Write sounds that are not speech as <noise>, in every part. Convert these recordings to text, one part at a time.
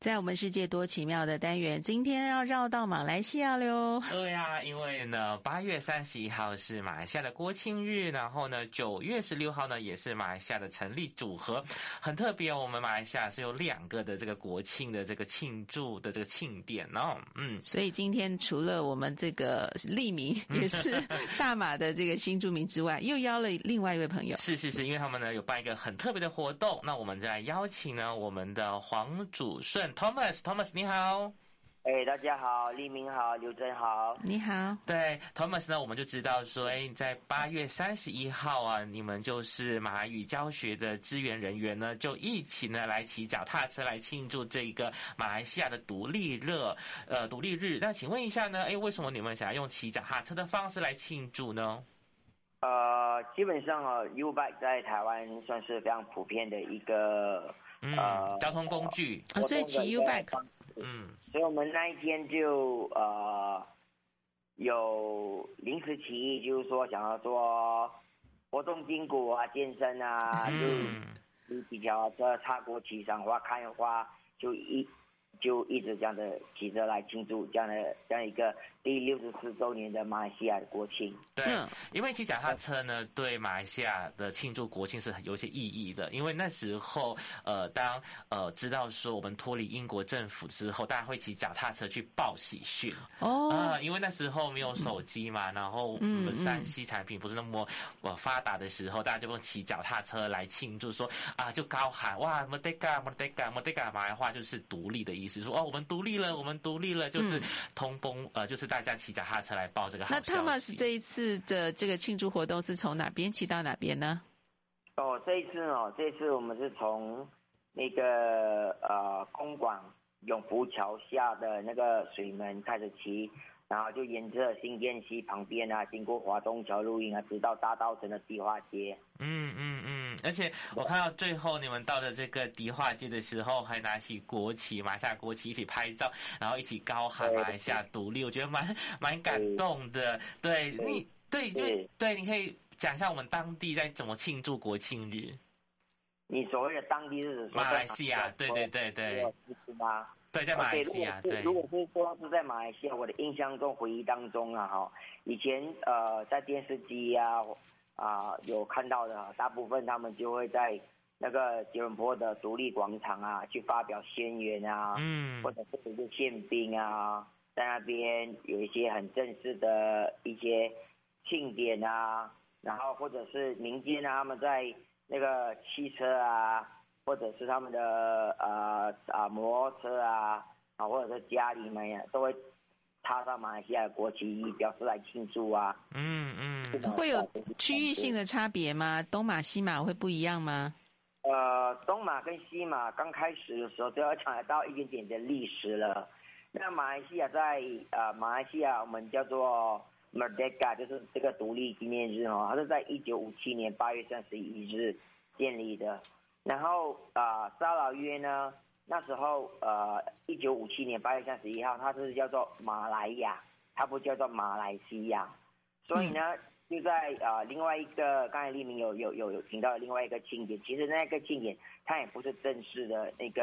在我們世界多奇妙的單元，今天要繞到馬來西亞了喲、哦。對呀、啊，因為呢，八月三十一號是馬來西亞的國慶日，然後呢，九月十六號呢也是馬來西亞的成立組合，很特別。我們馬來西亞是有兩個的這個國慶的這個慶祝的這個慶典哦。嗯，所以今天除了我們這個利明也是大馬的這個新住民之外， <laughs> 又邀了另外一位朋友。是是是，因為他們呢有辦一個很特別的活動，那我們再邀請呢我們的黃祖順。Thomas，Thomas，Thomas，你好。哎，大家好，立明好，劉振好，你好。對，Thomas 呢，我們就知道說，哎，在八月三十一號啊，你們就是馬來語教學的支援人員呢，就一起呢來騎腳踏車來慶祝這一個馬來西亞的獨立日，呃，獨立日。那請問一下呢，哎，為什麼你們想要用騎腳踏車的方式來慶祝呢？呃，基本上啊、哦、Ubike 在台灣算是非常普遍的一個。嗯,嗯，交通工具啊,啊，所以騎 U bike。嗯，所以我們那一天就呃，有臨時起意，就是說想要做活動筋骨啊，健身啊，就、嗯、比,比,比較這踏過千上花看花，就一。就一直這樣的騎着來慶祝這樣的這樣一個第六十四周年的馬來西亞的國慶。對，因為騎腳踏車呢，對馬來西亞的慶祝國慶是有些意義的。因為那時候，呃，當呃知道說我們脫離英國政府之後，大家會騎腳踏車去報喜訊。哦。啊，因為那時候沒有手機嘛，然後我們 3C 產品不是那麼呃發達的時候，大家就會騎腳踏車來慶祝，說啊、呃，就高喊哇，Merdeka，Merdeka，Merdeka，馬來話就是獨立的意是說哦，我們獨立了，我們獨立了，就是通風，嗯、呃，就是大家騎腳踏車來報這個好消息。那 Thomas 這一次的這個慶祝活動是從哪邊騎到哪邊呢？哦，這一次哦，這一次我們是從那個呃，公館永福橋下的那個水門開始騎，然後就沿着新店溪旁邊啊，經過華中橋、露營啊，直到大稻埕的迪化街。嗯嗯。而且我看到最後你們到的這個迪化街的時候，還拿起國旗、馬來西亞國旗一起拍照，然後一起高喊“馬來西亞獨立”，我覺得蠻蠻感動的。對你對，就對，對，對，你可以講一下我們當地在怎麼慶祝國慶日。你所謂的當地是馬來西亞？對對對對。是嗎？對，在馬來西亞。對，如果是，如果是說是在馬來西亞，我的印象中、回憶當中啊，哈，以前呃，在電視機呀、啊。啊、呃，有看到的，大部分他們就會在那個吉隆坡的獨立廣場啊，去發表宣言啊，嗯，或者是一些憲兵啊，在那邊有一些很正式的一些慶典啊，然後或者是民間他們在那個汽車啊，或者是他們的呃啊摩托車啊啊，或者是家裡面呀都會。踏上馬來西亞的國旗表示來慶祝啊！嗯嗯，會有區域性的差別嗎？東馬西馬會不一樣嗎？呃，東馬跟西馬剛開始的時候都要講得到一點點的歷史了。那馬來西亞在呃，馬來西亞我們叫做 Merdeka，就是這個獨立紀念日哦，它是在一九五七年八月三十一日建立的。然後啊、呃，沙勞越呢？那時候，呃，一九五七年八月三十一號，它是叫做馬來亞，它不叫做馬來西亞，嗯、所以呢，就在呃另外一個，剛才立明有有有有提到另外一個慶典，其實那個慶典它也不是正式的那個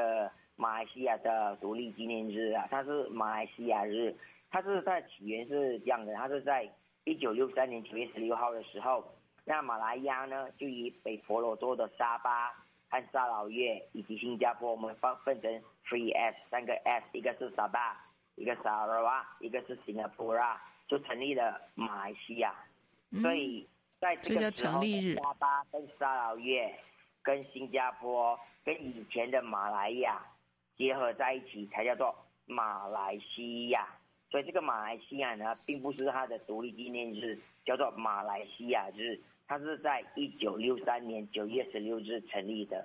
馬來西亞的獨立紀念日啊，它是馬來西亞日，它是在起源是這樣的，它是在一九六三年九月十六號的時候，那馬來亞呢就以北婆羅洲的沙巴。和沙勞越以及新加坡，我們放分成 three S 三個 S，一個是沙巴，一個沙勞哇，一個是新加坡，就成立了馬來西亞。嗯、所以在這個時候，這個、成立日沙巴跟沙勞越跟新加坡跟以前的馬來亞結合在一起，才叫做馬來西亞。所以這個馬來西亞呢，並不是它的獨立紀念日，叫做馬來西亞日。它是在一九六三年九月十六日成立的，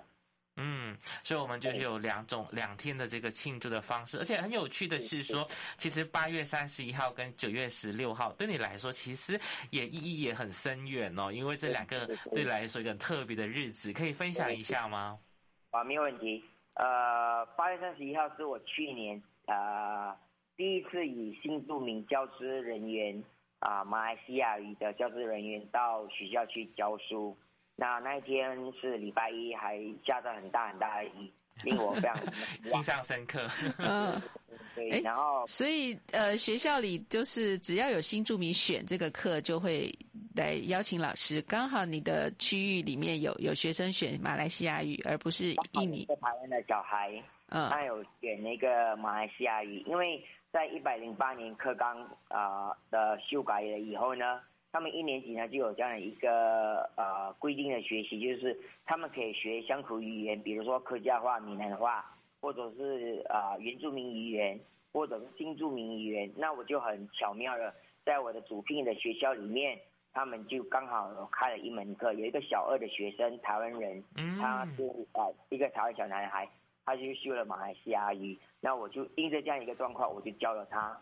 嗯，所以我們就是有兩種兩天的這個慶祝的方式，而且很有趣的是說，其實八月三十一號跟九月十六號對你來說其實也意義也很深遠哦，因為這兩個對你來說一個特別的日子，可以分享一下嗎？啊，沒有問題，呃，八月三十一號是我去年啊、呃、第一次以新住民教師人員。啊，馬來西亞語的教職人員，到學校去教書。那那一天是禮拜一，還下着很大很大的雨，令我非常 <laughs> 印象深刻。 <laughs> 嗯， <laughs> 對。然後，所以呃，學校裡就是只要有新住民選這個課，就會來邀請老師。剛好你的區域裡面有有學生選馬來西亞語，而不是印尼在台灣的小孩，嗯，他有選那個馬來西亞語，因為。在一百零八年課綱啊的修改了以後呢，他們一年級呢就有這樣的一個呃規定的學習，就是他們可以學鄉土語言，比如說客家話、閩南話，或者是啊、呃、原住民語言，或者是新住民語言。那我就很巧妙地，在我的主聘的學校裡面，他們就剛好開了一門課，有一個小二的學生，台灣人，他是呃一個台灣小男孩。他就修了馬來西亞語，那我就因着這樣一個狀況，我就教了他。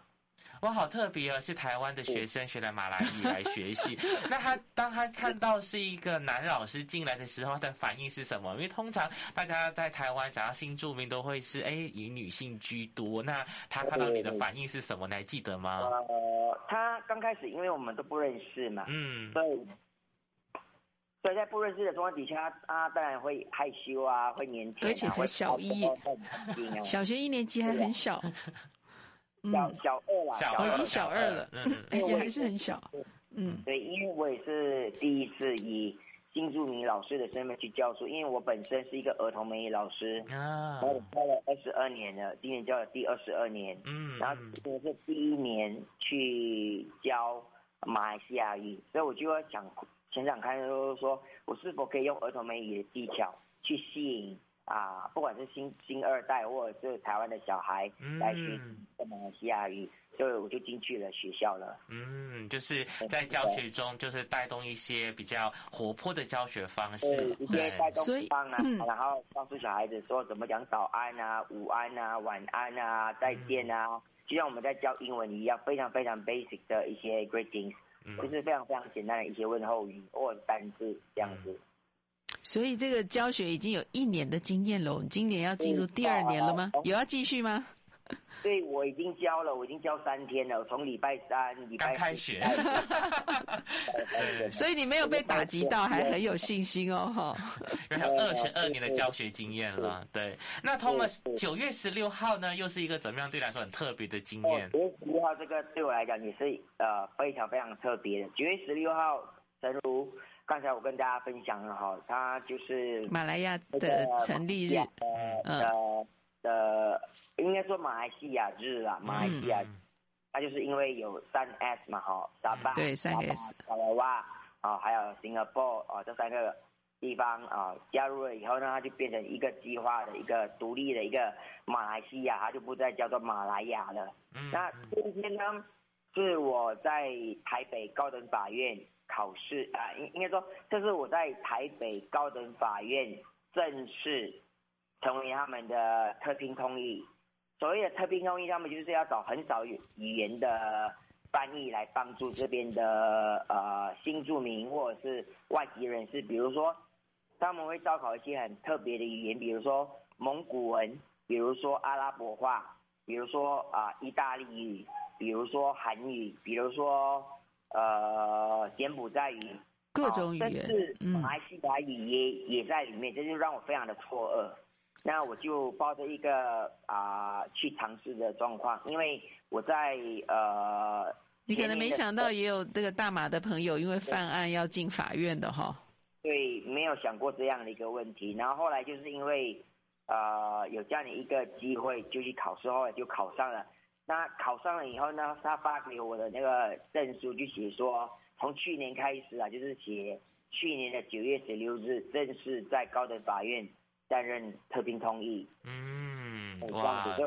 我好特別啊、哦，是臺灣的學生學了馬來語來學習。嗯、 <laughs> 那他當他看到是一個男老師進來的時候，他的反應是什麼？因為通常大家在臺灣想到新住民都會是哎、欸、以女性居多。那他看到你的反應是什麼？你還記得嗎？呃，他剛開始因為我們都不認識嘛，嗯，所以。所以在不認識的狀況底下，他當然會害羞啊，會年輕、啊、而且還小一， <laughs> 小學一年級還很小，啊、 <laughs> 小小二了、嗯哦，已經小二了，嗯嗯、也還是很小。嗯，對，因為我也是第一次以新住民老師的身份去教書，因為我本身是一個兒童美語老師啊，然後教了二十二年了，今年教了第二十二年，嗯，然後今年是第一年去教馬來西亞語，所以我就要想。前想看的時候說，我是否可以用兒童美語的技巧去吸引啊，不管是新新二代或者是台灣的小孩，嗯、來去什麼學習，所以我就進去了學校了。嗯，就是在教學中就是帶動一些比較活潑的教學方式，一些帶動方式啊、嗯，然後告訴小孩子說怎麼講早安啊、午安啊、晚安啊、再見啊、嗯，就像我們在教英文一樣，非常非常 basic 的一些 greetings，就是非常非常簡單的一些問候語，問單字這樣子。所以這個教學已經有一年的經驗了，我們今年要進入第二年了嗎？好好，有要繼續嗎？對，我已經教了，我已經教三天了，我從禮拜三剛開學 <laughs> 所以你沒有被打擊到，還很有信心哦，哈。有二十二年的教學經驗了對對對對對，對。那通過九月十六號呢，又是一個怎麼樣？對你來說很特別的經驗。這個對我來講也是呃非常非常特別的。九月十六號，誠如剛才我跟大家分享了哈，他就是馬來亞的成立日，這個的嗯、呃的的、呃呃，應該說馬來西亞日啦、啊。馬來西亞日，他、嗯、就是因為有三 S 嘛，哈、哦，沙巴對三 S，沙勞哇啊，還有新加坡啊，這、哦、三個。地方啊，加入了以後呢，它就變成一個計劃的一個獨立的一個馬來西亞，它就不再叫做馬來亞了。嗯、那今天呢，是我在台北高等法院考試啊，應、呃、應該說這是我在台北高等法院正式成為他們的特聘通譯。所謂的特聘通譯，他們就是要找很少語言的翻譯來幫助這邊的呃新住民或者是外籍人士，比如說。他們會招考一些很特別的語言，比如說蒙古文，比如說阿拉伯話，比如說啊、呃、意大利語，比如說韓語，比如說呃柬埔寨語，各種語言。哦、但是馬來西亞語也、嗯、也在裡面，這就讓我非常的錯愕。那我就抱着一個啊、呃、去嘗試的狀況，因為我在呃，你可能沒想到也有這個大馬的朋友，因為犯案要進法院的哈、哦。對，沒有想過這樣的一個問題。然後後來就是因為，呃，有這樣的一個機會就去，就是考試，後來就考上了。那考上了以後呢，他發給我的那個證書就寫說，從去年開始啊，就是寫去年的九月十六日，正式在高等法院擔任特聘通譯。嗯，哇，這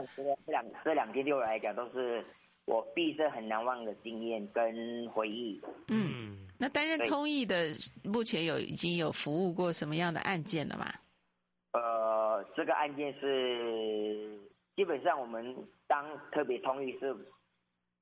兩這兩天對我來講都是我畢生很難忘的經驗跟回憶。嗯。那擔任通譯的，目前有已經有服務過什麼樣的案件了嗎？呃，這個案件是基本上我們當特別通譯是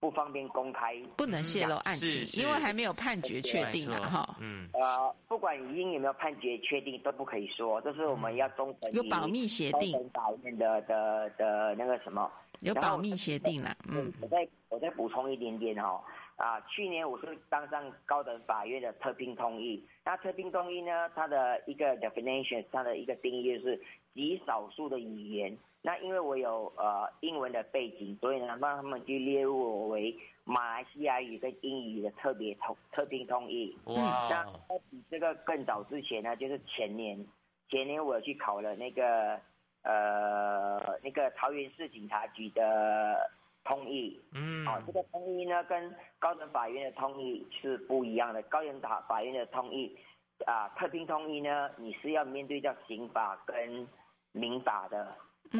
不方便公開，不能泄露案情，嗯，因為還沒有判決確定了哈。嗯、哦。呃，不管已經有沒有判決確定都不可以說，這是我們要遵循有保密協定，的的的、的那個什麼有保密協定了。嗯。我再我再補充一點點哈、哦。啊，去年我是當上高等法院的特聘通譯。那特聘通譯呢，它的一個 definition，它的一個定義就是極少數的語言。那因為我有呃英文的背景，所以呢，讓他們去列入我為馬來西亞語跟英語的特別通特聘通譯。哇、wow.！那比這個更早之前呢，就是前年，前年我去考了那個呃那個桃園市警察局的。通譯。嗯，啊，這個通譯呢，跟高等法院的通譯是不一樣的。高等法法院的通譯。啊，特定通譯呢，你是要面對叫刑法跟民法的，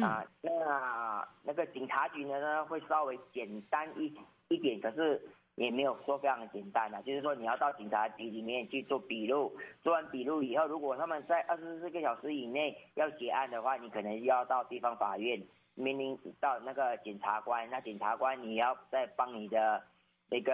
啊，那、嗯啊、那個警察局呢，會稍微簡單一一點，可是也沒有說非常簡單啊。就是說你要到警察局裡面去做筆錄，做完筆錄以後，如果他們在二十四個小時以內要結案的話，你可能要到地方法院。命令到那個檢察官，那檢察官你要再幫你的那個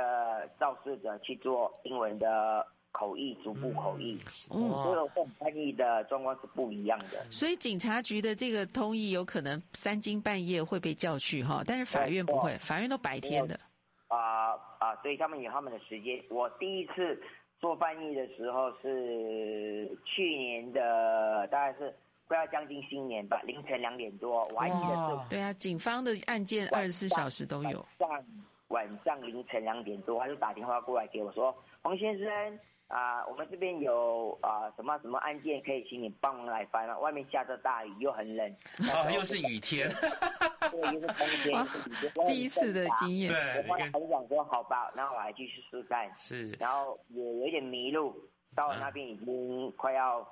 肇事者去做英文的口譯，逐步口譯。嗯，所個、哦、翻譯的狀況是不一樣的。所以警察局的這個通譯有可能三更半夜會被叫去哈，但是法院不會，法院都白天的。啊啊、呃呃，所以他們有他們的時間。我第一次做翻譯的時候是去年的，大概是。快要將近新年吧，凌晨兩點多，我還記得是對啊，警方的案件二十四小時都有。晚上晚上，晚上凌晨兩點多，他就打電話過來給我說，黃先生啊、呃，我們這邊有啊、呃、什麼什麼案件，可以請你幫忙來翻了。外面下着大雨，又很冷，哦，又是雨天，對，又是冬天，哦。第一次的經驗，我還是想說好吧，那我還繼續試飯是，然後也有一點迷路，到了那邊已經快要。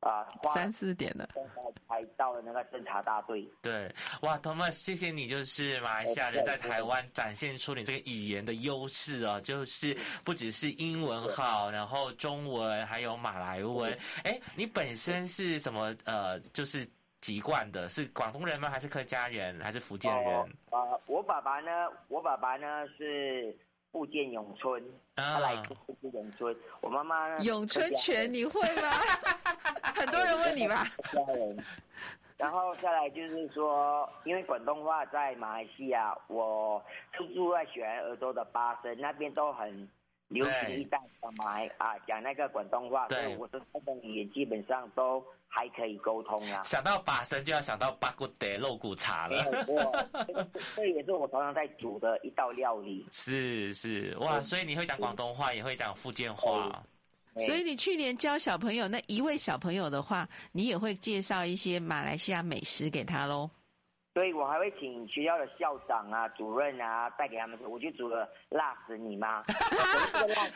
啊，三四點了，現在才到了那個偵查大隊。對，哇，Thomas，謝謝你，就是馬來西亞人在台灣展現出你這個語言的優勢啊，就是不只是英文好，然後中文還有馬來文。哎、欸，你本身是什麼呃，就是籍貫的？是廣東人嗎？還是客家人？還是福建人？啊啊、我爸爸呢？我爸爸呢是。福建永春，他來自福建永春。我媽媽呢詠春拳，你會嗎？ <laughs> <laughs> 很多人問你吧。 <laughs> 然後再來就是說，因為廣東話在馬來西亞，我居住在雪蘭莪州的巴生那邊都很。流行一帶小麥啊，講那個廣東話，對，所以我的廣東語言基本上都還可以溝通啦、啊。想到巴生就要想到八姑的肉骨茶了， <laughs> 這也是我常常在煮的一道料理。是是哇，嗯，所以你會講廣東話，也會講福建話。哎哎，所以你去年教小朋友那一位小朋友的話，你也會介紹一些馬來西亞美食給他嘍。所以我還會請學校的校長啊、主任啊帶給他們吃。我去煮了， <laughs> 了辣死你媽，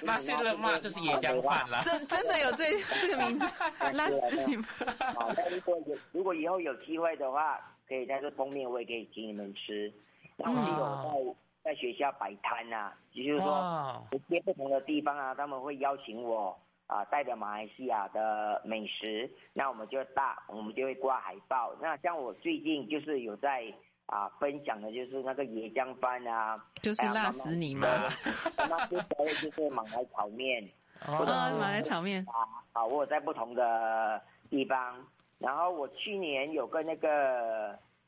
辣死你媽就是椰漿飯，了真 <laughs> 真的有這 <laughs> 這個名字， <laughs> 辣死你媽。 <laughs> 好，如果如果以後有機會的話，可以在這碰面，我也可以請你們吃、嗯。然後有在在學校擺攤啊，也就是說，一些不同的地方啊，他們會邀請我。啊、呃，代表馬來西亞的美食，那我們就大，我們就會掛海報。那像我最近就是有在啊、呃、分享的，就是那個椰漿飯啊，就是辣死你嘛、啊。那接下來就是馬來炒麵， <laughs> 哦，馬來炒麵啊。好，我有在不同的地方，然後我去年有跟那個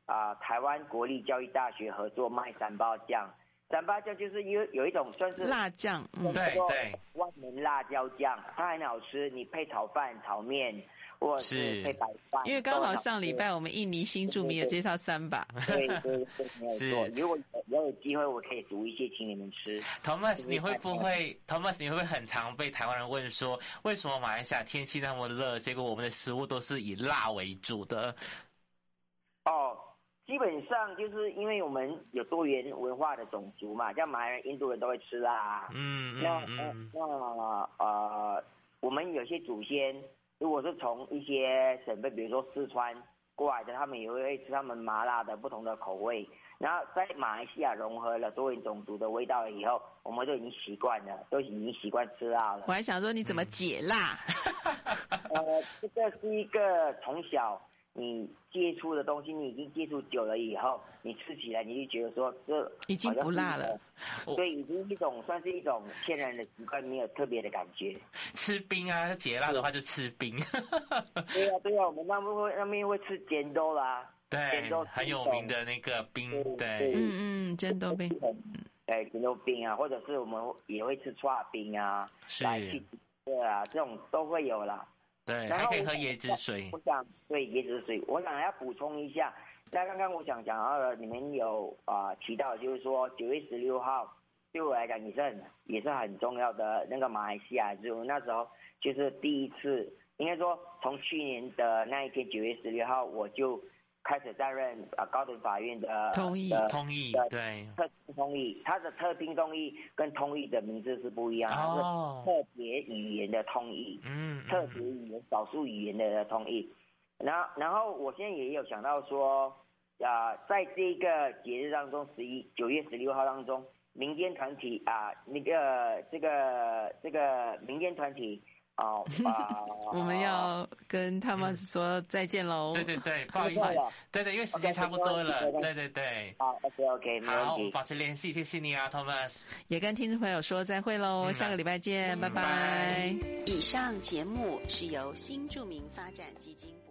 啊、呃，台灣國立教育大學合作賣三包醬。三八醬就是有，有一種算是辣醬，嗯，對對，萬能辣椒醬，它很好吃，你配炒飯、炒麵，或者是配白飯。因為剛好上禮拜我們印尼新著名也介紹三把，對，對，對，對沒有錯。如果沒有機會，我可以讀一些請你們吃。Thomas，你，你會不會？Thomas，你會不會很常被台灣人問說，為什麼馬來西亞天氣那麼熱，結果我們的食物都是以辣為主的？基本上就是因為我們有多元文化的種族嘛，像馬來人、印度人都會吃辣。嗯，嗯，那，那，那呃，我們有些祖先，如果是從一些省份，比如說四川過來的，他們也會吃他們麻辣的不同的口味。然後在馬來西亞融合了多元種族的味道以後，我們就已經習慣了，都已經習慣吃辣了。我還想說，你怎麼解辣？嗯。 <laughs> 呃，這個是一個從小。你接觸的東西，你已經接觸久了以後，你吃起來你就覺得說這已經不辣了，所以已經是一種算是一種天然的習慣，沒有特別的感覺。吃冰啊，解辣的話就吃冰。 <laughs> 對啊，對啊，我們那邊會那邊會吃煎豆啦，煎豆很有名的那個冰，對，嗯嗯，煎豆冰，對，煎豆冰啊，或者是我們也會吃串冰啊是，來去吃啊，這種都會有啦。對，然後，還可以喝椰子水。我想對椰子水，我想要補充一下。在剛剛我想講到的，你們有啊提到，就是說九月十六號對我來講也是很也是很重要的。那個馬來西亞，就那時候就是第一次，應該說從去年的那一天九月十六號，我就。開始擔任啊，高等法院的通譯，通譯對，特通譯，他的特定通譯跟通譯的名字是不一樣是，oh, 特別語言的通譯，嗯，特別語言、嗯、少數語言的通譯。然後，然後我現在也有想到說，啊、呃，在這個節日當中，十一九月十六號當中，民間團體啊、呃，那個這個這個民間團體。好， <noise> <laughs> 我們要跟 Thomas 說再見嘍。 <noise> 對對對，不好意思，對對，對，對，對，因為時間差不多了。Okay, so we'll，對對對，okay, okay, okay, 好，我交給。好，我們保持聯繫，謝謝你啊，Thomas。也跟聽眾朋友說再會嘍， <noise> 下個禮拜見，拜拜。 <noise> 以上節目是由新住民發展基金。